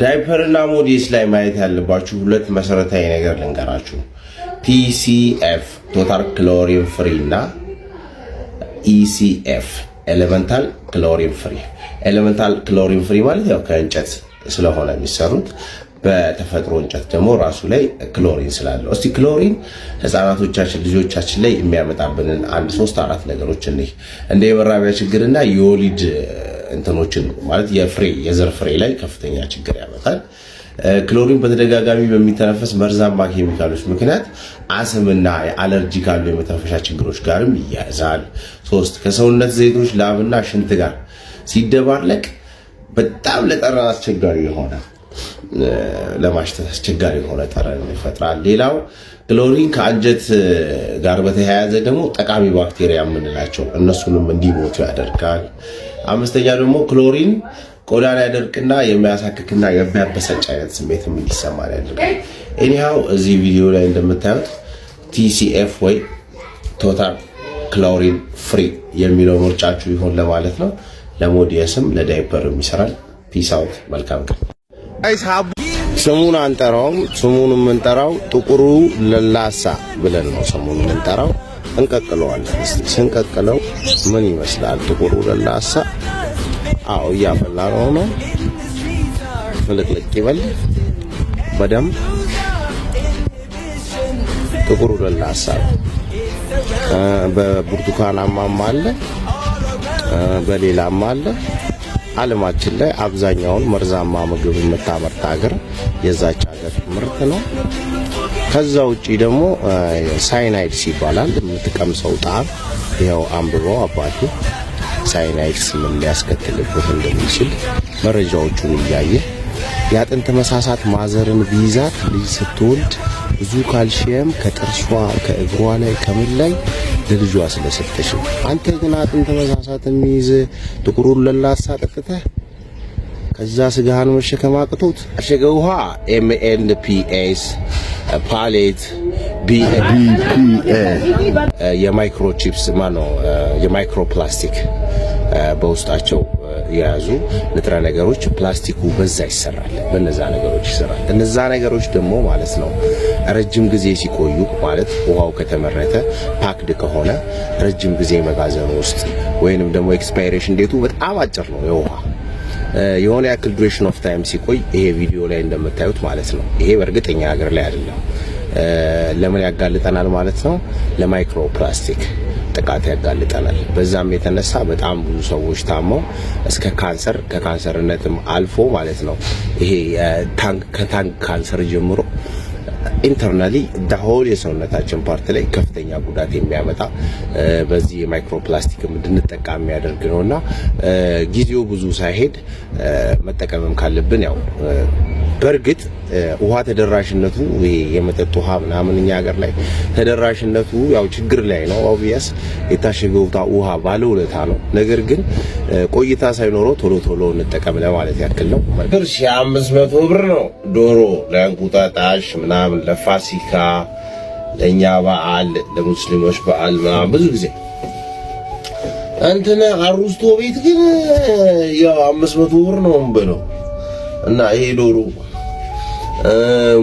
ዳይፐርና ሞዴስ ላይ ማየት ያለባችሁ ሁለት መሰረታዊ ነገር ልንገራችሁ። ቲሲኤፍ ቶታል ክሎሪን ፍሪ እና ኢሲኤፍ ኤሌመንታል ክሎሪን ፍሪ። ኤሌመንታል ክሎሪን ፍሪ ማለት ያው ከእንጨት ስለሆነ የሚሰሩት በተፈጥሮ እንጨት ደግሞ ራሱ ላይ ክሎሪን ስላለው። እስቲ ክሎሪን ህፃናቶቻችን ልጆቻችን ላይ የሚያመጣብንን አንድ ሶስት አራት ነገሮች እንይ እንደ የመራቢያ ችግርና የወሊድ እንትኖችን ማለት የፍሬ የዘር ፍሬ ላይ ከፍተኛ ችግር ያመጣል። ክሎሪን በተደጋጋሚ በሚተነፈስ መርዛማ ኬሚካሎች ምክንያት አስምና አለርጂ ካሉ የመተንፈሻ ችግሮች ጋርም ይያያዛል። ሶስት ከሰውነት ዘይቶች ላብና ሽንት ጋር ሲደባለቅ በጣም ለጠረን አስቸጋሪ ይሆናል። ለማሽተት አስቸጋሪ የሆነ ጠረን ይፈጥራል። ሌላው ክሎሪን ከአንጀት ጋር በተያያዘ ደግሞ ጠቃሚ ባክቴሪያ የምንላቸው እነሱንም እንዲሞቱ ያደርጋል። አምስተኛ ደግሞ ክሎሪን ቆዳን ያደርቅና የሚያሳክክና የሚያበሳጭ አይነት ስሜትም እንዲሰማን ያደርጋል። እኒሃው እዚህ ቪዲዮ ላይ እንደምታዩት ቲሲኤፍ ወይ ቶታል ክሎሪን ፍሪ የሚለው ምርጫችሁ ይሆን ለማለት ነው። ለሞዲየስም ለዳይፐርም ይሰራል። ፒስ አውት። መልካም ቀን ስሙን አንጠራውም። ስሙን የምንጠራው ጥቁሩ ለላሳ ብለን ነው። ስሙን የምንጠራው እንቀቅለዋለን። ስንቀቅለው ምን ይመስላል? ጥቁሩ ለላሳ። አው እያፈላ ነው ነው ምልቅልቅ ይበል በደንብ ጥቁሩ ለላሳ በብርቱካናማም አለ፣ በሌላም አለ። አለማችን ላይ አብዛኛውን መርዛማ ምግብ የምታመርት ሀገር የዛች ሀገር ምርት ነው። ከዛ ውጪ ደግሞ ሳይናይድስ ይባላል። የምትቀምሰው ጣዕም ይኸው አንብቦ አባቱ ሳይናይድስ ምን ሊያስከትልብህ እንደሚችል መረጃዎቹን እያየ የአጥንት መሳሳት ማዘርን ቢይዛት ልጅ ስትወልድ ብዙ ካልሽየም ከጥርሷ ከእግሯ ላይ ከምን ላይ ለልጇ ስለሰጠሽ፣ አንተ ግን አጥንት መሳሳት የሚይዝ ጥቁሩን ለላሳ ጠጥተህ ከዛ ስጋህን መሸከም አቅቶት አሸገ ውሃ ኤምኤንፒኤስ ፓሌት የማይክሮቺፕስ ማነው የማይክሮፕላስቲክ በውስጣቸው የያዙ ንጥረ ነገሮች ፕላስቲኩ በዛ ይሰራል፣ በነዛ ነገሮች ይሰራል። እነዛ ነገሮች ደግሞ ማለት ነው ረጅም ጊዜ ሲቆዩ ማለት ውሃው ከተመረተ ፓክድ ከሆነ ረጅም ጊዜ መጋዘኑ ውስጥ ወይንም ደግሞ ኤክስፓይሬሽን ዴቱ በጣም አጭር ነው የውሃ የሆነ ያክል ዱሬሽን ኦፍ ታይም ሲቆይ ይሄ ቪዲዮ ላይ እንደምታዩት ማለት ነው። ይሄ በእርግጠኛ ሀገር ላይ አይደለም። ለምን ያጋልጠናል ማለት ነው? ለማይክሮ ፕላስቲክ ጥቃት ያጋልጠናል። በዛም የተነሳ በጣም ብዙ ሰዎች ታመው እስከ ካንሰር ከካንሰርነትም አልፎ ማለት ነው ይሄ ከታንክ ካንሰር ጀምሮ ኢንተርናሊ ዳሆል የሰውነታችን ፓርት ላይ ከፍተኛ ጉዳት የሚያመጣ በዚህ የማይክሮፕላስቲክም እንድንጠቃ የሚያደርግ ነው እና ጊዜው ብዙ ሳይሄድ መጠቀምም ካለብን ያው በእርግጥ ውሃ ተደራሽነቱ ይሄ የመጠጥ ውሃ ምናምን እኛ ሀገር ላይ ተደራሽነቱ ያው ችግር ላይ ነው። ኦብቪየስ የታሸገው ውሃ ባለውለታ ነው። ነገር ግን ቆይታ ሳይኖረው ቶሎ ቶሎ እንጠቀም ለማለት ያክል ነው። ብር ሺ አምስት መቶ ብር ነው። ዶሮ ለእንቁጣጣሽ ምናምን፣ ለፋሲካ፣ ለእኛ በዓል፣ ለሙስሊሞች በዓል ምናምን ብዙ ጊዜ እንትን አሩስቶ ቤት ግን ያው አምስት መቶ ብር ነው ብለው እና ይሄ ዶሮ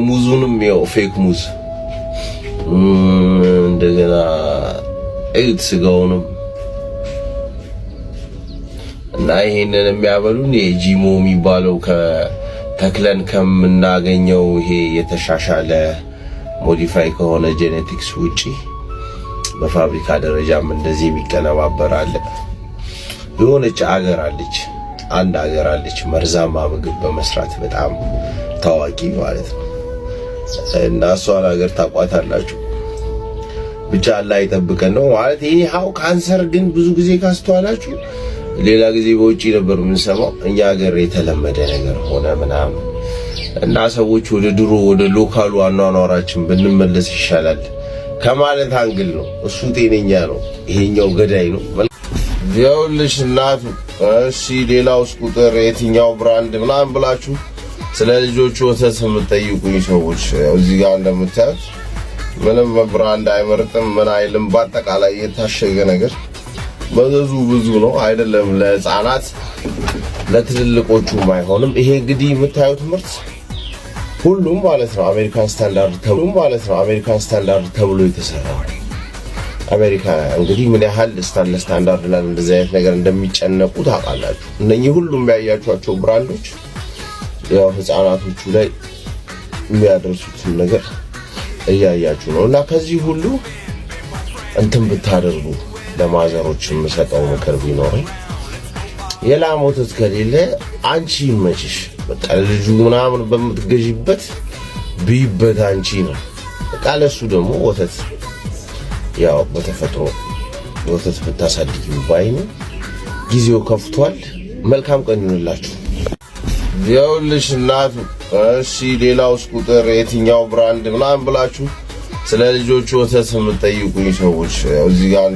ሙዙንም ያው ፌክ ሙዝ እንደገና እዩት ስጋውንም እና ይሄንን የሚያበሉን የጂሞ የሚባለው ተክለን ከምናገኘው ይሄ የተሻሻለ ሞዲፋይ ከሆነ ጄኔቲክስ ውጪ በፋብሪካ ደረጃም እንደዚህ የሚቀነባበር አለ። የሆነች አገር አለች አንድ ሀገር አለች መርዛማ ምግብ በመስራት በጣም ታዋቂ ማለት ነው። እና እሷን ሀገር ታቋታላችሁ። ብቻ አላህ ይጠብቀን ነው ማለት ይሄ ሀው ካንሰር ግን ብዙ ጊዜ ካስተዋላችሁ ሌላ ጊዜ በውጭ ነበር የምንሰማው እኛ ሀገር የተለመደ ነገር ሆነ ምናምን እና ሰዎች ወደ ድሮ ወደ ሎካሉ አኗኗራችን ብንመለስ ይሻላል ከማለት አንግል ነው። እሱ ጤነኛ ነው፣ ይሄኛው ገዳይ ነው። ይኸውልሽ እናቱ እሺ፣ ሌላውስ ቁጥር የትኛው ብራንድ ምናምን ብላችሁ ስለ ልጆቹ ወተት የምትጠይቁኝ ሰዎች እዚህ ጋር እንደምታዩት ምንም ብራንድ አይመርጥም፣ ምን አይልም። በአጠቃላይ የታሸገ ነገር መዘዙ ብዙ ነው አይደለም፣ ለህፃናት ለትልልቆቹም አይሆንም። ይሄ እንግዲህ የምታዩት ምርት ሁሉም ማለት ነው አሜሪካን ስታንዳርድ ተብሎ ማለት ነው አሜሪካን ስታንዳርድ ተብሎ የተሰራ አሜሪካ እንግዲህ ምን ያህል ስታንለ ስታንዳርድ ላይ እንደዚህ አይነት ነገር እንደሚጨነቁ ታውቃላችሁ። እነኚህ ሁሉ የሚያያቸዋቸው ብራንዶች ያው ህፃናቶቹ ላይ የሚያደርሱትን ነገር እያያችሁ ነው። እና ከዚህ ሁሉ እንትን ብታደርጉ ለማዘሮች የምሰጠው ምክር ቢኖረኝ የላም ወተት ከሌለ አንቺ ይመችሽ፣ በቃ ልጁ ምናምን በምትገዥበት ብይበት አንቺ ነው። በቃ ለሱ ደግሞ ወተት ያው በተፈጥሮ ወተት ብታሳድጊው ባይ ነው። ጊዜው ከፍቷል። መልካም ቀን ይሁንላችሁ። ይኸውልሽ እናቱ፣ እሺ ሌላውስ ቁጥር የትኛው ብራንድ ምናምን ብላችሁ ስለ ልጆቹ ወተት የምጠይቁኝ ሰዎች እዚህ ጋር